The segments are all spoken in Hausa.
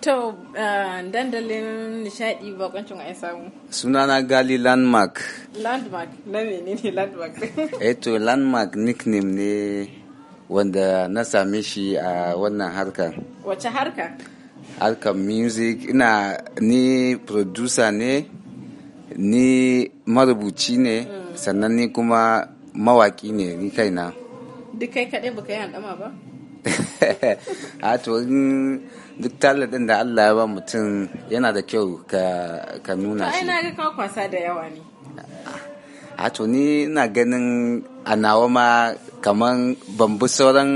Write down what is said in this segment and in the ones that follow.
To eh, dandalin nishadi bakwancin ai samu. Sunana Gali Landmark. Landmark, na menene Landmark? Eh to Landmark nickname ne wanda na same shi a wannan harka. Wace harka? Harkar music, ina ni producer ne, ni marubuci ne, hmm. sannan ni kuma mawaki ne, ni kaina. Duk kai kaɗai baka yi handama ba? a to duk talar din da Allah ya ba mutum yana da kyau ka nuna shi. Ina ga kwasa da yawa ne. A ni ina ganin a nawa ma kaman ban bi sauran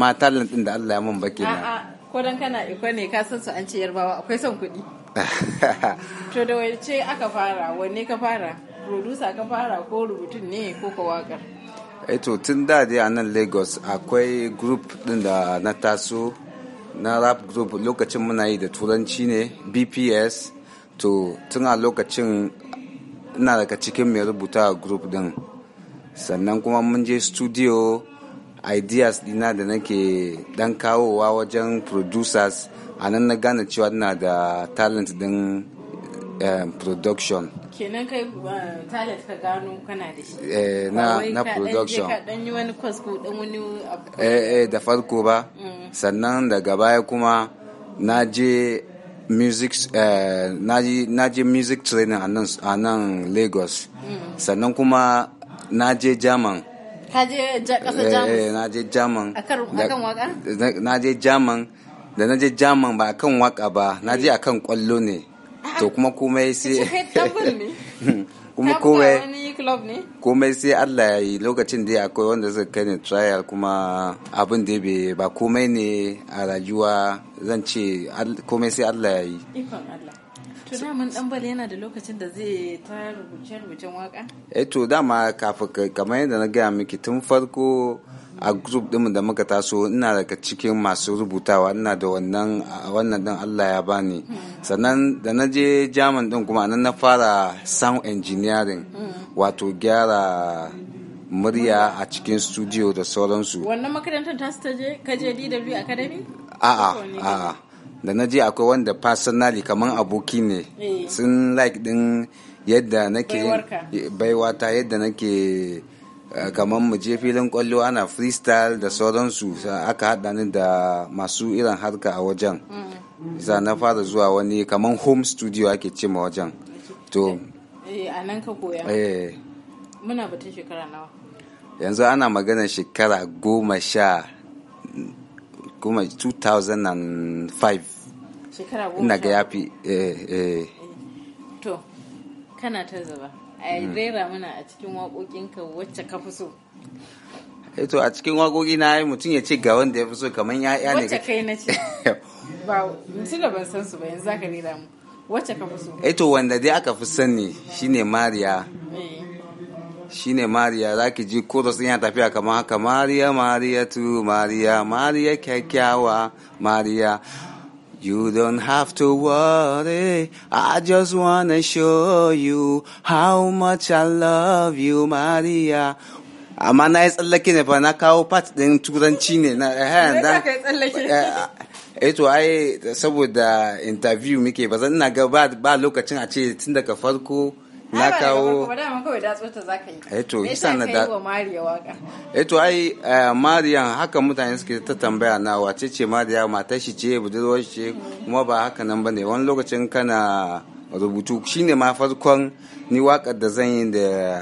mata din da Allah ya mun ba kenan. A'a ko dan kana iko ne ka san su an ce yarbawa akwai son kuɗi. To da wace aka fara wanne ka fara? Producer ka fara ko rubutun ne ko ka eto eh tun da dai a nan lagos akwai group din da na taso na rap group lokacin muna yi da turanci ne bps to tun a lokacin ina daga cikin mai rubuta a group din sannan kuma mun je studio ideas dina da nake dan kawowa wajen producers a nan na gane cewa ina da talent din um, eh, production kenan kai uh, talent ka gano kana da shi eh na na production ka dan yi wani course ko dan wani eh eh da farko ba mm. sannan daga baya kuma na je music eh, na je music training a nan lagos mm. sannan kuma na je german ka je kasar jamus eh, eh, na je german akan waka na je german da na je german ba akan waka ba na je akan kwallo ne to kuma komai sai kuma komai komai sai Allah ya yi lokacin da akwai wanda zai kai ni trial kuma abin da bai ba komai ne a rayuwa zan ce komai sai Allah ya yi mun daman ɗanbal yana da lokacin da zai ta rubuce-rubucen waka? eto eh dama kafin kamar yadda na gaya miki tun farko a group ɗinmu da muka taso ina daga cikin masu rubutawa ina da wannan wannan din Allah ya bani sannan da na je German din kuma nan na fara sound engineering wato gyara murya a cikin studio da sauransu wannan makarantar ta je kaje DW Academy a'a a'a da na je akwai wanda personally kamar aboki ne eh. sun like din yadda nake baiwata yadda nake Eh, kamar mu je filin kwallo ana freestyle da sauransu aka haɗa ni da masu irin harka a wajen za mm. na fara zuwa wani kamar home studio ake ce ma wajen to eh, a nan ka koya eh. muna batun shekara nawa yanzu ana magana shekara goma sha 2005 shekara goma ina ga yafi eh eh to kana ta zaba a mm. rera mana a cikin waƙoƙinka wacce ka fi so eh to a cikin waƙoƙi na yi mutum ya ce ga wanda ya fi so kamar ya ya'ya ne wacce kai na ce ba mutum da ban san su ba yanzu zaka rera mu wacce ka fi so eto eh wanda dai aka fi sani shine mariya eh. shine mariya za ki ji ko sun yana tafiya kamar haka mariya mariya tu mariya mariya kyakkyawa mariya You don't have to worry. I just wanna show you how much I love you, Maria. amma na yi tsallake ne fa na kawo part din turanci ne na eh, eh, eh, eh to ai saboda interview muke ba zan ina ga ba lokacin a ce tun daga farko na kawo eto isa na da eto eh eh ai eh, mariya haka mutane suke ta tambaya na wace ce mariya mata shi ce budurwar ce kuma ba haka nan bane wani lokacin kana rubutu shine ma farkon ni wakar da zan yi da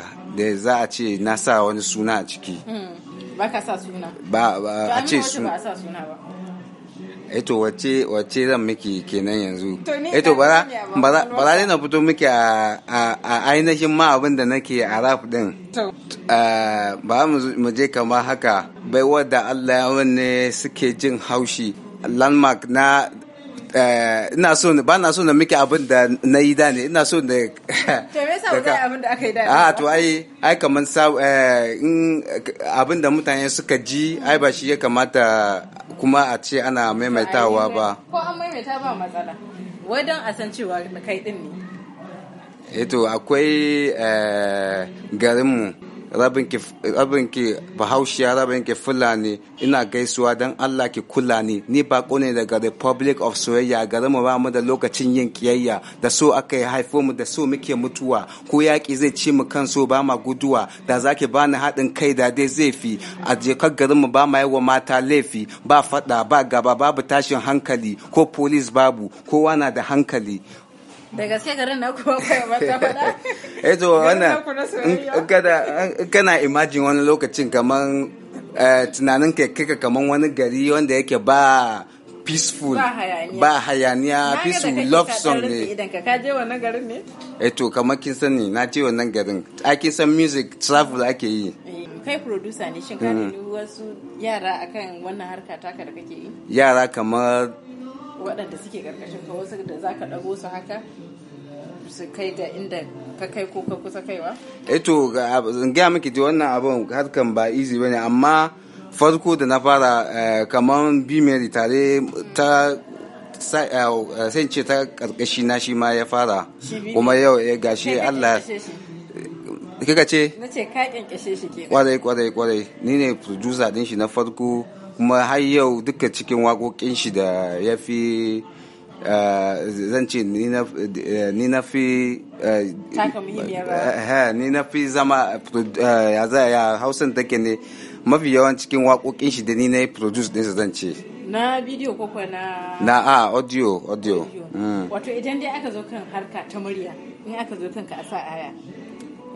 za a ce na sa wani suna a ciki hmm, ba ka sa suna ba a ce suna eto wace wace zan miki kenan yanzu eto ba za ba za na fito miki a ainihin ma abin da nake a rap din ba mu je kama haka bai wadda Allah ya wanne suke jin haushi landmark na eh, ina so ne ba na so na miki abin da na yi da ne ina so ne to me yasa ba abin da aka yi da ne. Ah, a to ai ai kaman sa eh, abin da mutane suka ji ai ba shi ya kamata kuma a ce ana maimaitawa ba ko an maimaita ba matsala wai don a san cewa kai din ne eto eh akwai eh, garinmu rabin ki bahaushiya rabin ki fulani ina gaisuwa don allah ki kula ni ni bako ne daga republic of soyayya garin mu ba mu da lokacin yin kiyayya da so aka yi haifo mu da so muke mutuwa ko yaƙi zai ci mu kan so ba ma guduwa da zaki bani haɗin kai da dai zai fi a jikar garin mu ba ma yi wa mata laifi ba faɗa ba gaba babu tashin hankali ko polis babu kowa na da hankali da gaske garin na kuma ba ta faɗa eh to kana imagine wani lokacin kaman eh, tunanin ka kika kaman wani gari wanda yake ba peaceful ba hayaniya peaceful love song ne idan ka kaje wannan garin ne eh to kamar kin sani na ce wannan garin ake san music travel ake yi eh, kai producer ne shin ka mm. wasu yara akan wannan harka taka da kake yi yara kamar waɗanda suke karkashin ka wasu da za ka ɗago su haka su kai ga inda ka kai ko ka kusa kaiwa? eto eh zan gaya miki ji wannan abin harkan ba easy bane amma farko da na fara eh, kamar bimeri tare ta eh, sai ce ta karkashi na shi ma ya fara kuma yau ya gashi Allah kika ce? na ce ka kyankyashe shi ke kwarai kwarai kwarai ni ne producer din shi na farko kuma har yau duka cikin waƙoƙin shi da ya fi eh, zan eh, ni na fi eh, ni na fi zama ya za ya hausan take ne mafi yawan cikin waƙoƙin shi da ni na yi produce ɗinsa zan ce na bidiyo ko na na a audio audio mm. wato idan dai aka zo kan harka ta murya in aka zo kan ka a sa aya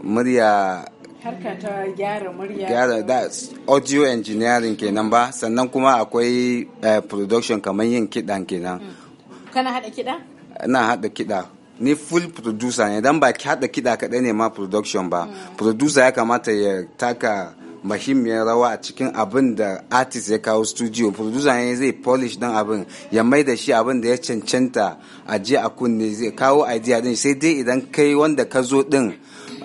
murya harka ta gyara murya da audio engineering kenan ba sannan kuma akwai eh, production kamar yin kidan kenan hmm. kana hada kida. ina hada kida ni full producer ne dan ba ki haɗa kiɗa kaɗai ne ma production ba hmm. producer ya kamata ya taka mahimmiyar rawa a cikin abin da artist ya kawo studio producer ne zai polish dan abin ya mai da shi abin da ya cancanta a a kunne zai kawo idea din sai dai idan kai wanda ka zo din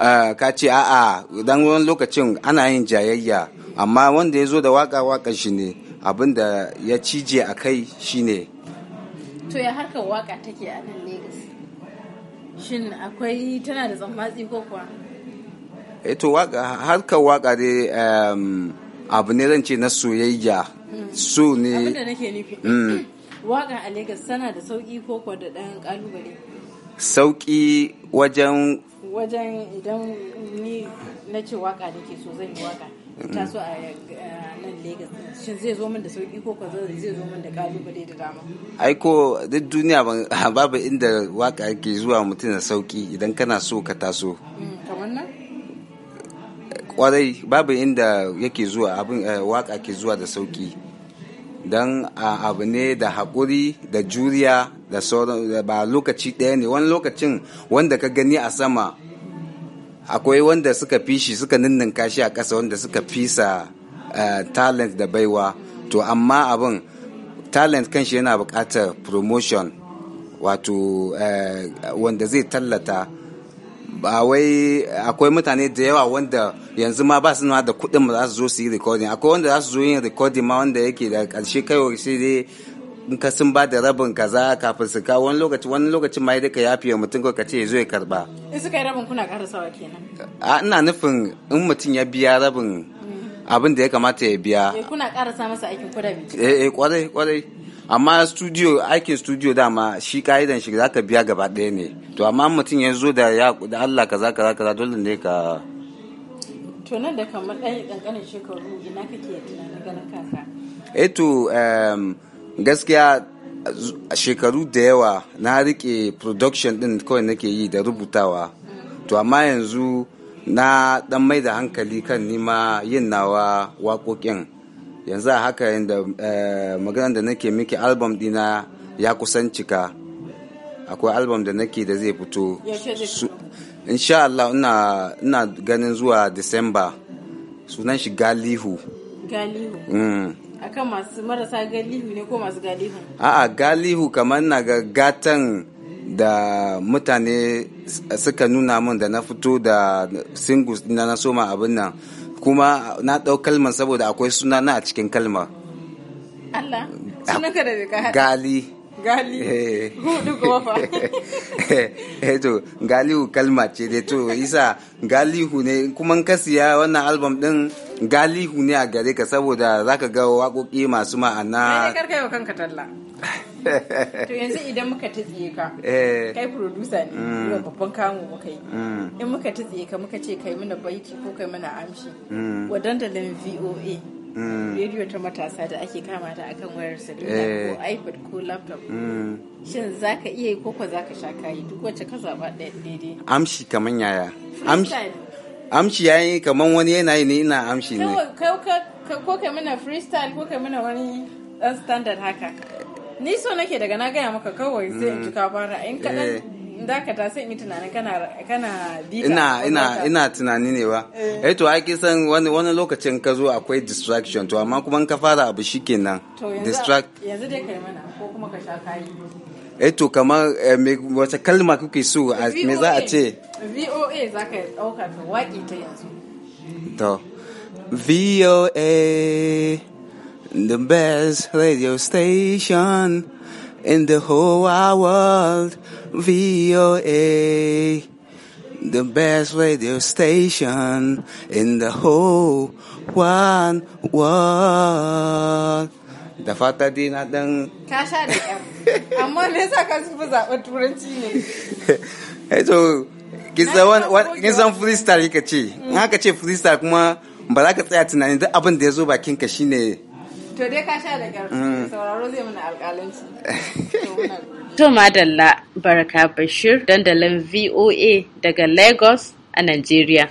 Ah, ka ce a'a dan wani lokacin ana yin jayayya amma wanda ya zo da waka waka shi ne abin da ya cije a kai shi ne to ya harkar waka take a nan Legas shin akwai tana da tsammatsi ko kuwa eh to waka harkar waka dai abu ne zan ce na soyayya hmm. so ne abin nake nufi hmm. waka a Legas tana da sauki ko kuwa da dan kalubale sauki wajen wajen idan ni na ce waka da ke so zai yi waka ta so a nan Legas shin zai zo min da sauki ko ko zai zo min da kalubale da dama ai ko duk duniya babu inda waka ke zuwa mutum da sauki idan kana so ka taso mm, kamar nan kwarai babu inda yake zuwa abin eh, waka ke zuwa da sauki don abu ne da haƙuri da juriya da ba lokaci ɗaya ne wani lokacin wanda ka gani a sama akwai wanda suka fi shi suka ninninka shi a ƙasa wanda suka fisa talent da baiwa to amma abin talent kanshi yana buƙatar promotion wato wanda zai tallata ba wai akwai mutane da yawa wanda yanzu ma ba su nuna da kuɗin ba za su zo su yi recording akwai wanda za su zo yin recording ma wanda yake da ƙarshe kai sai dai in ka sun ba da rabin kaza kafin su kawo wani lokaci wani lokaci ma ka ya fiye mutum ka ce zo ya karba in suka yi rabin kuna sawa kenan ina nufin in mutum ya biya rabin mm. abin da ya kamata ya biya eh, kuna karasa masa aikin kudabi eh eh kwarai kwarai amma studio aikin studio dama shi ka'idan shi za ka biya gaba ɗaya ne to amma mutum ya zo da ya da Allah kaza kaza kaza dole ne ka to nan da kamar ɗan ƙanƙanin shekaru ina kake tunanin ganin kaka eh to gaskiya shekaru da yawa na rike production din kawai nake yi da rubutawa to amma yanzu na dan mai da hankali kan nima yin nawa waƙoƙin yanzu a haka yadda eh, maganar da nake miki album dina ya kusan cika akwai album da nake da zai fito insha Allah ina ganin zuwa Disamba sunan shi galihu galihu mm. akan masu marasa galihu ne ko masu galihu a'a galihu kamar na ga gatan da mutane suka nuna min da na fito da singles na na soma abin nan kuma na ɗau kalmar saboda akwai suna na a cikin kalmar Allah sunanka da ka gali gali eh. hudu kofa eh to galihu kalma ce dai to isa galihu ne kuma ka siya wannan album din galihu ne a gare ka saboda zaka ga waƙoƙi masu ma'ana kai karkai wa kanka talla to yanzu idan muka tsiye ka eh. kai producer ne yau mm. babban kamu muka yi mm. in muka tsiye ka muka ce kai mana baiti ko kai mana amshi mm. wa dandalin VOA radio ta matasa da ake kama ta akan wayar salula ko eh. ipad ko laptop shin za ka iya yi koko za ka sha kayi duk wacce ka zaɓa daidai amshi kaman yaya amshi yi kaman wani yanayi ne ina amshi ne ko kai mana freestyle ko kai mana wani dan standard haka ni so nake daga na gaya maka kawai sai in ji ka fara in kaɗan eh. dakata sai in yi tunanin kana kana bika ina ina ina tunani ne ba eh, eh to ai san wani wani lokacin ka zo akwai distraction to amma kuma in ka fara abu shikenan distract yanzu dai kai mana ko kuma ka sha kayi eh to kamar eh, wace kalma kuke so me za a ce VOA za ka ɗauka ta waƙi ta yanzu to VOA the best radio station in the whole wide world, VOA. The best radio station in the whole wide world. Da fata dai na dan... Ka sha da ƴan, amma me yasa ka fi zaɓen turanci ne? Eh to, kin san freestyle kika ce, in haka ce freestyle kuma ba za ka tsaya tunanin duk abin da ya zo bakinka shine to dai ka sha da mm. sauraro zai mana alƙalanci to madalla baraka bashir dandalin voa daga lagos a Najeriya.